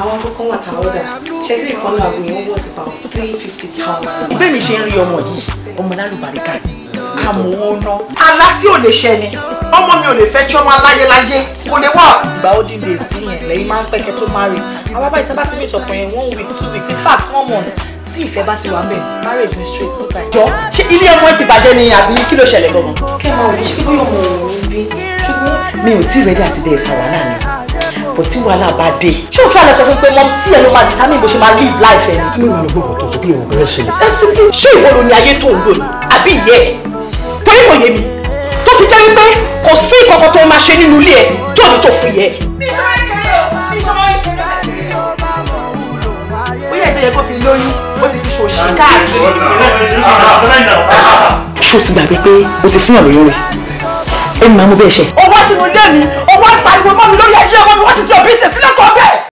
àwọn tó kọ́ wà tá a ọ̀dà ṣe sí ìkànnì àgbo yẹn wọ́n ti pa three fifty thousand. bẹ́ẹ̀ mi ṣe ń rí ọmọ yìí ọmọ lálùbáríkà amòwò ná. alá tí ò lè ṣẹ ni ọmọ mi ò lè fẹ́ tí ọmọ aláyéláyé kò lè wà. ìgbà ó dín days tí yẹn lẹ́yìn máa ń pẹ́ kẹ́ tó má rí àwọn abáyé tá a bá sí méjì ọkùnrin one week two weeks in fact one month tí ìfẹ́ bá ti wà mẹ́ marriage ni straight full time. jọ ṣé ilé ọmọ ẹ ti bàjẹ́ ni àbí kí ló ṣẹlẹ̀ gangan. kẹ́ ẹ máa wò ó ṣe kí bóyá ọmọ òun bí. mi ò tí ì rẹ́dí àti bẹ́ẹ̀ fà wàhálà mi. But tí wàhálà bá dé. ṣé o tí a lọ sọ fún pé mọ sí ẹ ló máa determine bó ṣe máa live life ẹ. kí ló ń lọ fún ọkọ tó sọ kí ló ń bẹ̀rẹ̀ ṣe. ṣé ìwọ ló ní ayé tó ń lò ní àbí ìyẹ́ ẹ̀ torí kò yé mi tó fi jẹ́ wípé kò sí ìkọ̀kọ̀ tó máa ṣe nínú ilé ẹ̀ tó ní tó fún yẹ. bóyá ìjọ yẹ kó fi lóyún ó ti fi ṣòṣì káàkiri. ṣé o ti gbàgbé pé o ti fún ọ̀rọ̀ yẹn rẹ̀ ó máa mú bẹ́ẹ̀ ṣe. ó wá sínú ilé mi it's your business.